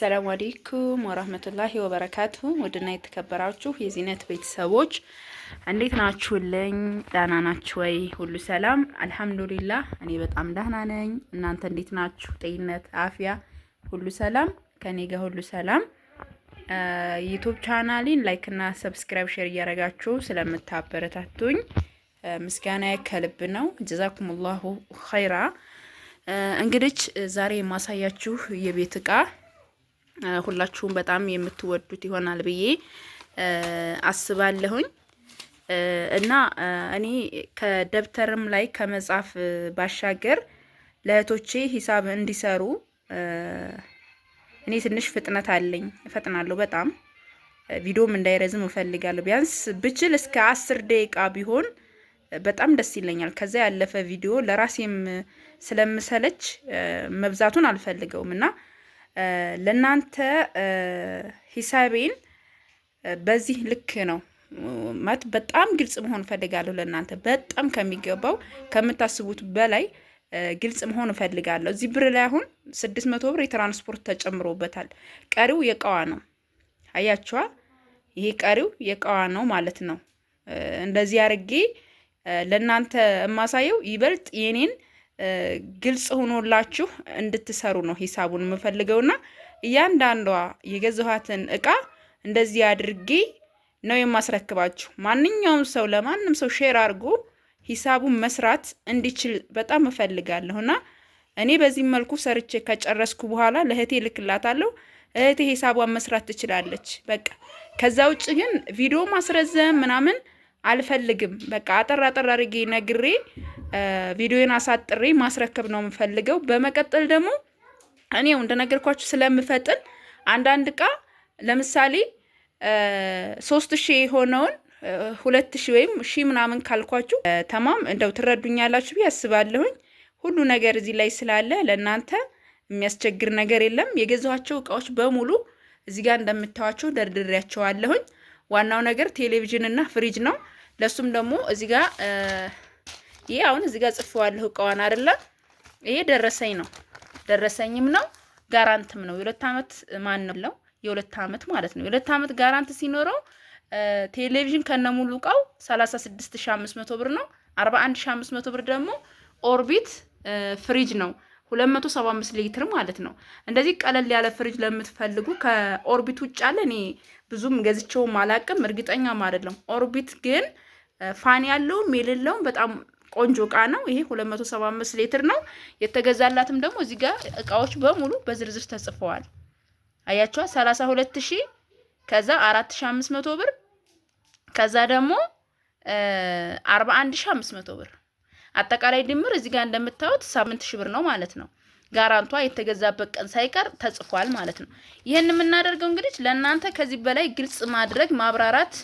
አሰላሙ አሌይኩም ወራህመቱላሂ ወበረካቱ። ውድና የተከበራችሁ የዚነት ቤተሰቦች እንዴት ናችሁልኝ? ዳና ናችሁ ወይ? ሁሉ ሰላም አልሐምዱሊላህ። እኔ በጣም ዳህና ነኝ። እናንተ እንዴት ናችሁ? ጤንነት፣ አፍያ፣ ሁሉ ሰላም ከኔ ጋር ሁሉ ሰላም። ዩቱብ ቻናሌን ላይክ እና ሰብስክራይብ ሼር እያደረጋችሁ ስለምታበረታቱኝ ምስጋና ከልብ ነው። ጀዛኩሙላሁ ኸይራ። እንግዲህ ዛሬ የማሳያችሁ የቤት እቃ ሁላችሁም በጣም የምትወዱት ይሆናል ብዬ አስባለሁኝ እና እኔ ከደብተርም ላይ ከመጻፍ ባሻገር ለእህቶቼ ሂሳብ እንዲሰሩ እኔ ትንሽ ፍጥነት አለኝ፣ እፈጥናለሁ በጣም ቪዲዮም እንዳይረዝም እፈልጋለሁ። ቢያንስ ብችል እስከ አስር ደቂቃ ቢሆን በጣም ደስ ይለኛል። ከዛ ያለፈ ቪዲዮ ለራሴም ስለምሰለች መብዛቱን አልፈልገውም እና ለእናንተ ሂሳቤን በዚህ ልክ ነው ማለት በጣም ግልጽ መሆን እፈልጋለሁ። ለእናንተ በጣም ከሚገባው ከምታስቡት በላይ ግልጽ መሆን እፈልጋለሁ። እዚህ ብር ላይ አሁን ስድስት መቶ ብር የትራንስፖርት ተጨምሮበታል። ቀሪው የቀዋ ነው። አያችዋ፣ ይሄ ቀሪው የቀዋ ነው ማለት ነው። እንደዚህ አርጌ ለእናንተ የማሳየው ይበልጥ የኔን ግልጽ ሆኖላችሁ እንድትሰሩ ነው ሂሳቡን የምፈልገውና እያንዳንዷ የገዛኋትን እቃ እንደዚህ አድርጌ ነው የማስረክባችሁ። ማንኛውም ሰው ለማንም ሰው ሼር አድርጎ ሂሳቡን መስራት እንዲችል በጣም እፈልጋለሁና እኔ በዚህ መልኩ ሰርቼ ከጨረስኩ በኋላ ለእህቴ ልክላታለሁ። እህቴ ሂሳቧን መስራት ትችላለች። በቃ ከዛ ውጭ ግን ቪዲዮ ማስረዘም ምናምን አልፈልግም። በቃ አጠር አጠር አድርጌ ነግሬ ቪዲዮን አሳጥሬ ማስረከብ ነው የምፈልገው። በመቀጠል ደግሞ እኔው እንደነገርኳችሁ ስለምፈጥን አንዳንድ እቃ ለምሳሌ ሶስት ሺህ የሆነውን ሁለት ሺ ወይም ሺ ምናምን ካልኳችሁ ተማም እንደው ትረዱኛላችሁ ብዬ አስባለሁኝ። ሁሉ ነገር እዚህ ላይ ስላለ ለእናንተ የሚያስቸግር ነገር የለም። የገዛኋቸው እቃዎች በሙሉ እዚህ ጋር እንደምታዋቸው ደርድሬያቸዋለሁኝ። ዋናው ነገር ቴሌቪዥንና ፍሪጅ ነው። ለሱም ደግሞ እዚህ ጋር ይሄ አሁን እዚህ ጋር ጽፌዋለሁ እቃዋን አይደለ? ይሄ ደረሰኝ ነው። ደረሰኝም ነው ጋራንትም ነው። የሁለት ዓመት ማን ነው የሁለት ዓመት ማለት ነው። የሁለት ዓመት ጋራንት ሲኖረው ቴሌቪዥን ከነሙሉ እቃው 36500 ብር ነው። 41500 ብር ደግሞ ኦርቢት ፍሪጅ ነው። 275 ሊትር ማለት ነው። እንደዚህ ቀለል ያለ ፍሪጅ ለምትፈልጉ ከኦርቢት ውጭ አለ። እኔ ብዙም ገዝቼውም አላቅም እርግጠኛም አይደለም። ኦርቢት ግን ፋን ያለውም የሌለውም በጣም ቆንጆ እቃ ነው። ይሄ 275 ሊትር ነው። የተገዛላትም ደግሞ እዚህ ጋር እቃዎች በሙሉ በዝርዝር ተጽፈዋል። አያችኋ 32000 ከዛ 4500 ብር ከዛ ደግሞ 41500 ብር አጠቃላይ ድምር እዚህ ጋር እንደምታዩት ሳምንት ሽብር ብር ነው ማለት ነው። ጋራንቷ የተገዛበት ቀን ሳይቀር ተጽፏል ማለት ነው። ይህን የምናደርገው እንግዲህ ለእናንተ ከዚህ በላይ ግልጽ ማድረግ ማብራራት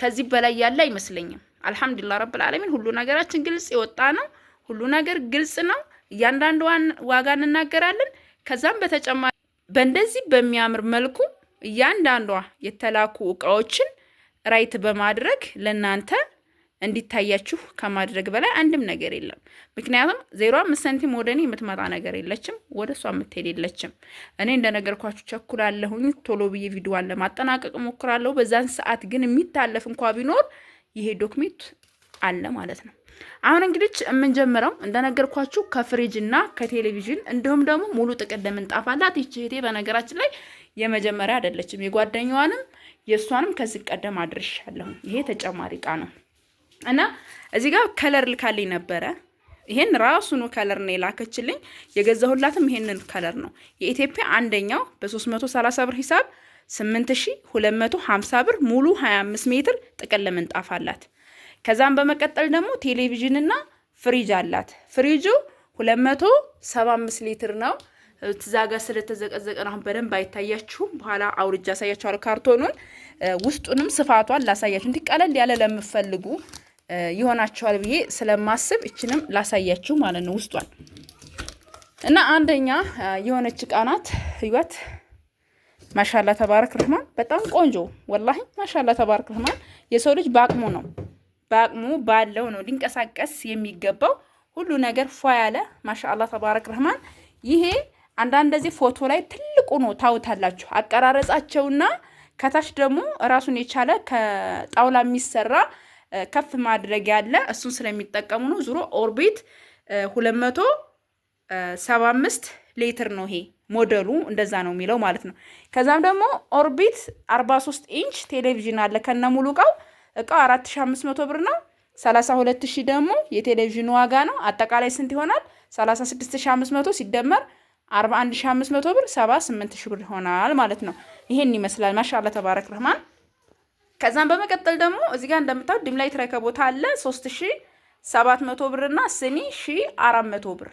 ከዚህ በላይ ያለ አይመስለኝም። አልሐምዱሊላህ ረብል ዓለሚን ሁሉ ነገራችን ግልጽ የወጣ ነው። ሁሉ ነገር ግልጽ ነው። እያንዳንዱ ዋጋ እንናገራለን። ከዛም በተጨማሪ በእንደዚህ በሚያምር መልኩ እያንዳንዷ የተላኩ እቃዎችን ራይት በማድረግ ለእናንተ እንዲታያችሁ ከማድረግ በላይ አንድም ነገር የለም። ምክንያቱም ዜሮ አምስት ሳንቲም ወደ እኔ የምትመጣ ነገር የለችም፣ ወደ እሷ የምትሄድ የለችም። እኔ እንደነገርኳችሁ ቸኩላለሁኝ፣ ቶሎ ብዬ ቪዲዮዋን ለማጠናቀቅ ሞክራለሁ በዛን ሰዓት ግን የሚታለፍ እንኳ ቢኖር ይሄ ዶክሜንት አለ ማለት ነው። አሁን እንግዲህ የምንጀምረው እንደነገርኳችሁ ከፍሪጅ እና ከቴሌቪዥን እንዲሁም ደግሞ ሙሉ ጥቅል ምንጣፍ አላት። ይቺ እህቴ በነገራችን ላይ የመጀመሪያ አይደለችም። የጓደኛዋንም የእሷንም ከዚህ ቀደም አድርሻለሁ። ይሄ ተጨማሪ እቃ ነው። እና እዚህ ጋር ከለር ልካልኝ ነበረ። ይሄን ራሱኑ ከለር ነው የላከችልኝ። የገዛሁላትም ይሄንን ከለር ነው። የኢትዮጵያ አንደኛው በ330 ብር ሂሳብ 8250 ብር ሙሉ 25 ሜትር ጥቅል ምንጣፍ አላት። ከዛም በመቀጠል ደግሞ ቴሌቪዥንና ፍሪጅ አላት። ፍሪጁ 275 ሊትር ነው። ትዛጋ ስለተዘቀዘቀ ነው በደንብ አይታያችሁም። በኋላ አውርጃ አሳያችኋለሁ ካርቶኑን። ውስጡንም ስፋቷን ላሳያችሁ እንዲህ ቀለል ያለ ለምፈልጉ ይሆናቸዋል ብዬ ስለማስብ እችንም ላሳያችሁ ማለት ነው ውስጧን እና አንደኛ የሆነች እቃ ናት ህይወት ማሻላ ተባረክ ረህማን በጣም ቆንጆ ወላሂ ማሻላ ተባረክ ረህማን የሰው ልጅ በአቅሙ ነው በአቅሙ ባለው ነው ሊንቀሳቀስ የሚገባው ሁሉ ነገር ፏ ያለ ማሻላ ተባረክ ረህማን ይሄ አንዳንድ እንደዚህ ፎቶ ላይ ትልቁ ነው ታውታላችሁ አቀራረጻቸውና ከታች ደግሞ ራሱን የቻለ ከጣውላ የሚሰራ ከፍ ማድረግ ያለ እሱን ስለሚጠቀሙ ነው። ዙሮ ኦርቢት ሁለት መቶ ሰባ አምስት ሌትር ነው ይሄ ሞዴሉ እንደዛ ነው የሚለው ማለት ነው። ከዛም ደግሞ ኦርቢት 43 ኢንች ቴሌቪዥን አለ ከነ ሙሉ እቃው እቃው 4500 ብር ነው። 32000 ደግሞ የቴሌቪዥኑ ዋጋ ነው። አጠቃላይ ስንት ይሆናል? 36500 ሲደመር 41500 ብር 78000 ብር ይሆናል ማለት ነው። ይሄን ይመስላል። ማሻአላ ተባረክ ረህማን ከዛም በመቀጠል ደግሞ እዚህ ጋር እንደምታዩት ዲምላይት ረከቦት አለ 3700 ብር እና ስኒ 1400 ብር።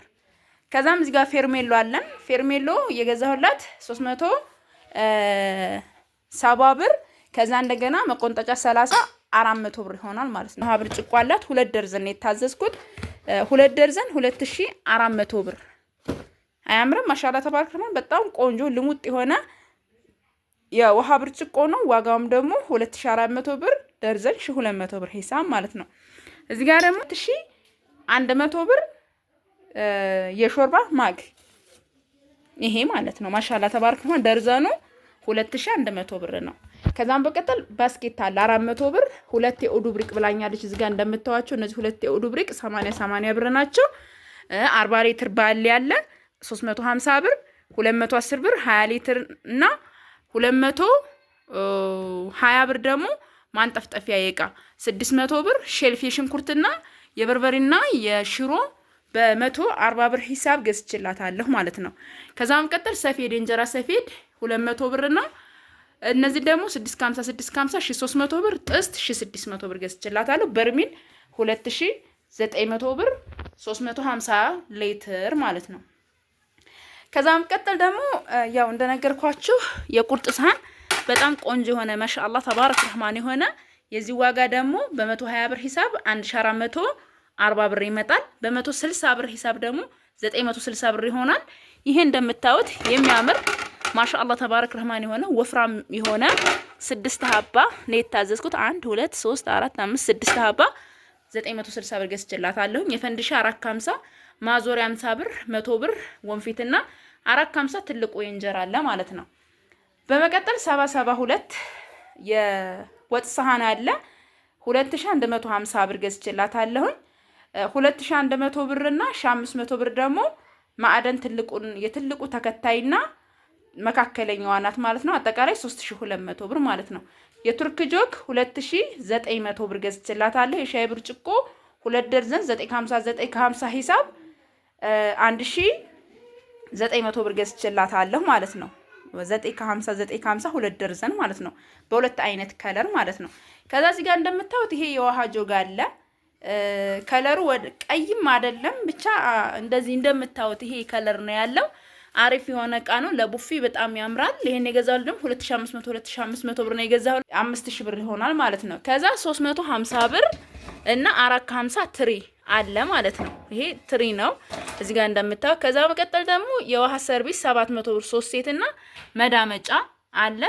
ከዛም እዚህ ጋር ፌርሜሎ አለን። ፌርሜሎ የገዛሁላት 370 ብር። ከዛ እንደገና መቆንጠጫ 30 400 ብር ይሆናል ማለት ነው። ሀብር ጭቆ አላት ሁለት ደርዘን ነው የታዘዝኩት። ሁለት ደርዘን 2400 ብር። አያምርም? ማሻላ ተባረክ። በጣም ቆንጆ ልሙጥ የሆነ የውሃ ብርጭቆ ነው። ዋጋውም ደግሞ 2400 ብር ደርዘን 1200 ብር ሂሳብ ማለት ነው። እዚህ ጋር ደግሞ 1100 ብር የሾርባ ማግ ይሄ ማለት ነው። ማሻላ ተባርክ ነው። ደርዘኑ 2100 ብር ነው። ከዛም በቀጠል ባስኬት አለ 400 ብር ሁለት የኦዱ ብሪቅ ብላኛለች። እዚህ ጋር እንደምታዋቸው እነዚህ ሁለት የኦዱ ብሪቅ 80 80 ብር ናቸው። 40 ሊትር ባል ያለ 350 ብር፣ 210 ብር 20 ሊትር እና ሁለት መቶ ሀያ ብር ደግሞ ማንጠፍጠፊያ የእቃ ስድስት መቶ ብር ሼልፍ የሽንኩርትና የበርበሬና የሽሮ በመቶ አርባ ብር ሂሳብ ገዝችላታለሁ ማለት ነው። ከዛ መቀጠል ሰፌድ የእንጀራ ሰፌድ ሁለት መቶ ብርና እነዚህ ደግሞ ስድስት ከሀምሳ ስድስት ከሀምሳ ሺ ሶስት መቶ ብር ጥስት ሺ ስድስት መቶ ብር ገዝችላታለሁ። በርሚል ሁለት ሺ ዘጠኝ መቶ ብር ሶስት መቶ ሀምሳ ሌትር ማለት ነው። ከዛ መቀጠል ደግሞ ያው እንደነገርኳችሁ የቁርጥ ሳህን በጣም ቆንጆ የሆነ ማሻአላ ተባረክ ረህማን የሆነ የዚህ ዋጋ ደግሞ በ120 ብር ሂሳብ 1440 ብር ይመጣል። በ160 ብር ሂሳብ ደግሞ 960 ብር ይሆናል። ይሄ እንደምታዩት የሚያምር ማሻአላ ተባረክ ረህማን የሆነ ወፍራም የሆነ ስድስት ሀባ ነው የታዘዝኩት። አንድ ሁለት ሶስት አራት አምስት ስድስት ሀባ 960 ብር ገዝቼላታለሁኝ። የፈንዲሻ 450 ማዞሪያ 50 ብር፣ መቶ ብር ወንፊትና አራት ከሀምሳ ትልቁ የእንጀራ አለ ማለት ነው። በመቀጠል ሰባ ሰባ ሁለት የወጥ ሰሃን አለ ሁለት ሺ አንድ መቶ ሀምሳ ብር ገዝቼላታለሁኝ። ሁለት ሺ አንድ መቶ ብር እና ሺ አምስት መቶ ብር ደግሞ ማዕደን ትልቁን የትልቁ ተከታይና መካከለኛዋ ናት ማለት ነው። አጠቃላይ 3200 ብር ማለት ነው። የቱርክ ጆክ 2900 ብር ገዝቼላታለሁ። የሻይ ብርጭቆ ሁለት ደርዘን 959 ከ50 ሂሳብ 1000 ዘጠኝ መቶ ብር ገዝቼላታለሁ ማለት ነው። ዘጠኝ ከሀምሳ ዘጠኝ ከሀምሳ ሁለት ደርዘን ማለት ነው። በሁለት አይነት ከለር ማለት ነው። ከዛ እዚህ ጋር እንደምታዩት ይሄ የውሃ ጆግ አለ። ከለሩ ቀይም አይደለም ብቻ እንደዚህ እንደምታዩት ይሄ ከለር ነው ያለው። አሪፍ የሆነ እቃ ነው። ለቡፌ በጣም ያምራል። ይሄን የገዛው ደግሞ 2500 2500 ብር ነው የገዛው። 5000 ብር ይሆናል ማለት ነው። ከዛ 350 ብር እና 450 ትሪ አለ ማለት ነው። ይሄ ትሪ ነው እዚህ ጋር እንደምታው። ከዛ በመቀጠል ደግሞ የውሃ ሰርቪስ 700 ብር ሶስት ሴት እና መዳመጫ አለ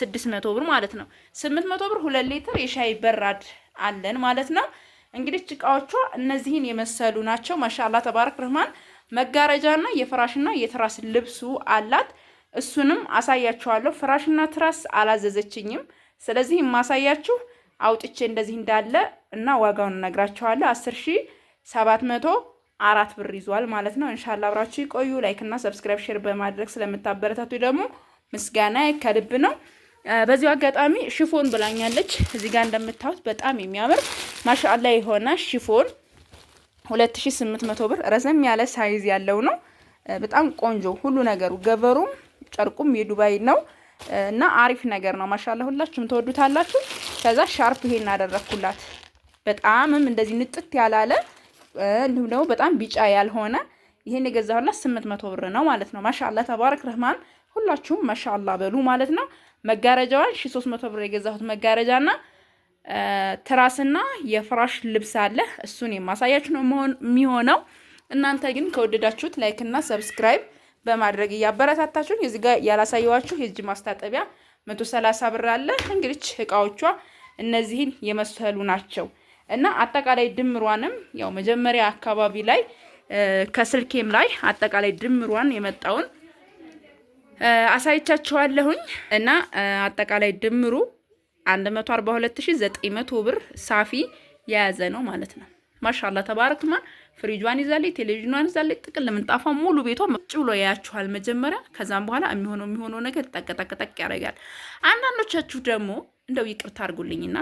600 ብር ማለት ነው። 800 ብር 2 ሊትር የሻይ በራድ አለን ማለት ነው። እንግዲህ ጭቃዎቿ እነዚህን የመሰሉ ናቸው። ማሻላ ተባረክ ረህማን። መጋረጃና የፍራሽና የትራስ ልብሱ አላት። እሱንም አሳያችኋለሁ። ፍራሽና ትራስ አላዘዘችኝም። ስለዚህ የማሳያችሁ አውጥቼ እንደዚህ እንዳለ እና ዋጋውን እነግራችኋለሁ አስር ሺህ ሰባት መቶ አራት ብር ይዟል ማለት ነው። እንሻላ አብራችሁ ቆዩ። ላይክ እና ሰብስክራይብ ሼር በማድረግ ስለምታበረታቱ ደግሞ ምስጋና ከልብ ነው። በዚሁ አጋጣሚ ሽፎን ብላኛለች። እዚህ ጋር እንደምታዩት በጣም የሚያምር ማሻአላ የሆነ ሽፎን 2800 ብር ረዘም ያለ ሳይዝ ያለው ነው። በጣም ቆንጆ ሁሉ ነገሩ ገበሩም ጨርቁም የዱባይ ነው እና አሪፍ ነገር ነው። ማሻላ ሁላችሁም ተወዱታላችሁ። ከዛ ሻርፕ ይሄን አደረኩላት። በጣምም እንደዚህ ንጥት ያላለ እንዲሁም ደግሞ በጣም ቢጫ ያልሆነ ይሄን የገዛሁላት ስምንት መቶ ብር ነው ማለት ነው። ማሻላ ተባረክ ረህማን፣ ሁላችሁም ማሻአላ በሉ ማለት ነው። መጋረጃዋን ሺ ሶስት መቶ ብር የገዛሁት መጋረጃና ትራስና የፍራሽ ልብስ አለ። እሱን የማሳያችሁ ነው የሚሆነው። እናንተ ግን ከወደዳችሁት ላይክና ሰብስክራይብ በማድረግ እያበረታታችሁን የዚህ ጋር ያላሳየዋችሁ የእጅ ማስታጠቢያ መቶ ሰላሳ ብር አለ። እንግዲህ እቃዎቿ እነዚህን የመሰሉ ናቸው። እና አጠቃላይ ድምሯንም ያው መጀመሪያ አካባቢ ላይ ከስልኬም ላይ አጠቃላይ ድምሯን የመጣውን አሳይቻችኋለሁኝ እና አጠቃላይ ድምሩ 142900 ብር ሳፊ የያዘ ነው ማለት ነው። ማሻላ ተባረክማ። ፍሪጇን ይዛለች፣ ቴሌቪዥኗን ይዛለች፣ ጥቅል ለምንጣፏ ሙሉ ቤቷ መጭ ብሎ ያያችኋል መጀመሪያ። ከዛም በኋላ የሚሆነው የሚሆነው ነገር ጠቅጠቅጠቅ ያደርጋል። አንዳንዶቻችሁ ደግሞ እንደው ይቅርታ አድርጉልኝና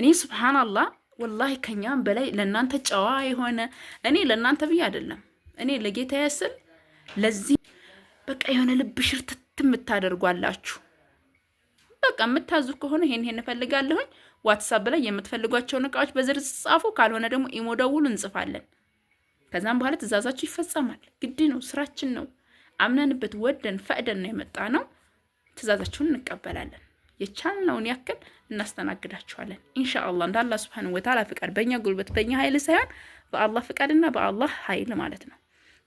እኔ ሱብሃናላህ ወላሂ ከኛም በላይ ለእናንተ ጨዋ የሆነ እኔ ለእናንተ ብዬ አይደለም፣ እኔ ለጌታ ያስል ለዚህ በቃ የሆነ ልብ ሽርትት የምታደርጓላችሁ በቃ የምታዙ ከሆነ ይሄን ይሄን እንፈልጋለሁኝ። ዋትሳፕ ላይ የምትፈልጓቸውን እቃዎች በዝርዝር ጻፉ። ካልሆነ ደግሞ ኢሞ ደውሉ፣ እንጽፋለን። ከዛም በኋላ ትእዛዛችሁ ይፈጸማል። ግድ ነው፣ ስራችን ነው። አምነንበት ወደን ፈቅደን ነው የመጣ ነው። ትእዛዛችሁን እንቀበላለን የቻልነውን ያክል እናስተናግዳችኋለን ኢንሻአላህ እንደ አላህ ስብሐነሁ ወተዓላ ፍቃድ፣ በእኛ ጉልበት በእኛ ኃይል ሳይሆን በአላህ ፍቃድና በአላህ ኃይል ማለት ነው።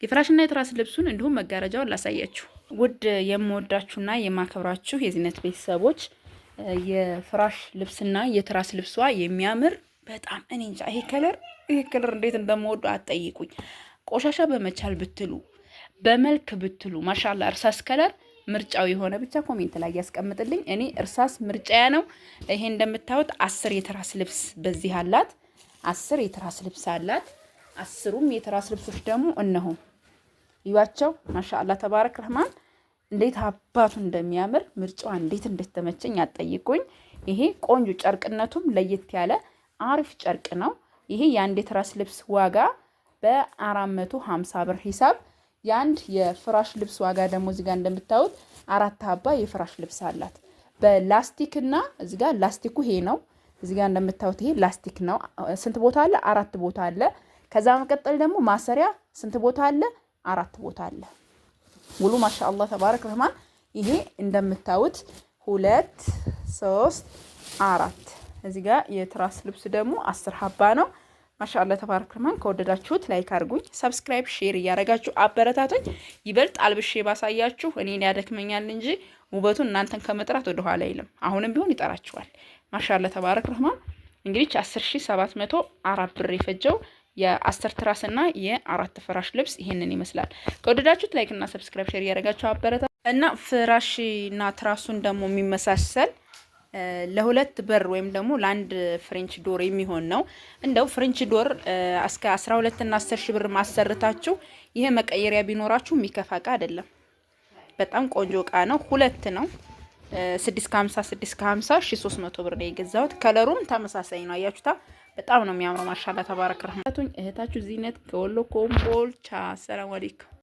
የፍራሽና የትራስ ልብሱን እንዲሁም መጋረጃውን ላሳያችሁ። ውድ የምወዳችሁና የማከብራችሁ የዚህነት ቤተሰቦች የፍራሽ ልብስና የትራስ ልብሷ የሚያምር በጣም እኔ እንጃ ይሄ ከለር ይሄ ከለር እንዴት እንደምወዱ አትጠይቁኝ። ቆሻሻ በመቻል ብትሉ በመልክ ብትሉ ማሻላ እርሳስ ከለር ምርጫው የሆነ ብቻ ኮሜንት ላይ ያስቀምጥልኝ። እኔ እርሳስ ምርጫያ ነው። ይሄ እንደምታዩት አስር የትራስ ልብስ በዚህ አላት። አስር የትራስ ልብስ አላት። አስሩም የትራስ ልብሶች ደግሞ እነሆ ይዋቸው። ማሻአላ ተባረክ ረህማን እንዴት አባቱ እንደሚያምር ምርጫዋ እንዴት እንደተመቸኝ አጠይቁኝ። ይሄ ቆንጆ ጨርቅነቱም ለየት ያለ አሪፍ ጨርቅ ነው። ይሄ የአንድ የትራስ ልብስ ዋጋ በ 450 ብር ሂሳብ የአንድ የፍራሽ ልብስ ዋጋ ደግሞ እዚጋ እንደምታዩት አራት ሀባ የፍራሽ ልብስ አላት በላስቲክ እና እዚጋ ላስቲኩ ይሄ ነው። እዚጋ እንደምታዩት ይሄ ላስቲክ ነው። ስንት ቦታ አለ? አራት ቦታ አለ። ከዛ መቀጠል ደግሞ ማሰሪያ ስንት ቦታ አለ? አራት ቦታ አለ። ሙሉ ማሻአላ ተባረክ ረህማን። ይሄ እንደምታዩት ሁለት ሶስት አራት። እዚጋ የትራስ ልብስ ደግሞ አስር ሀባ ነው። ማሻአላ ተባረክ ረህማን። ከወደዳችሁት ላይክ አድርጉኝ፣ ሰብስክራይብ፣ ሼር እያደረጋችሁ አበረታቶኝ ይበልጥ አልብሼ ባሳያችሁ እኔን ያደክመኛል እንጂ ውበቱ እናንተን ከመጥራት ወደ ኋላ አይልም። አሁንም ቢሆን ይጠራችኋል። ማሻአላ ተባረክ ረህማን። እንግዲህ 10704 ብር የፈጀው የአስር ትራስና የአራት ፍራሽ ልብስ ይሄንን ይመስላል። ከወደዳችሁት ላይክ እና ሰብስክራይብ ሼር እያደረጋችሁ አበረታ እና ፍራሽ እና ትራሱን ደግሞ የሚመሳሰል ለሁለት በር ወይም ደግሞ ለአንድ ፍሬንች ዶር የሚሆን ነው። እንደው ፍሬንች ዶር እስከ 12 እና 10 ሺህ ብር ማሰርታችሁ ይሄ መቀየሪያ ቢኖራችሁ የሚከፋ እቃ አይደለም። በጣም ቆንጆ እቃ ነው። ሁለት ነው። 650 650 1300 ብር ነው የገዛሁት። ከለሩም ተመሳሳይ ነው። አያችሁታ። በጣም ነው የሚያምረው። ማሻላ ተባረክ ረህመቱን እህታችሁ ዚነት ከወሎ ኮምቦልቻ። ሰላም አለይኩም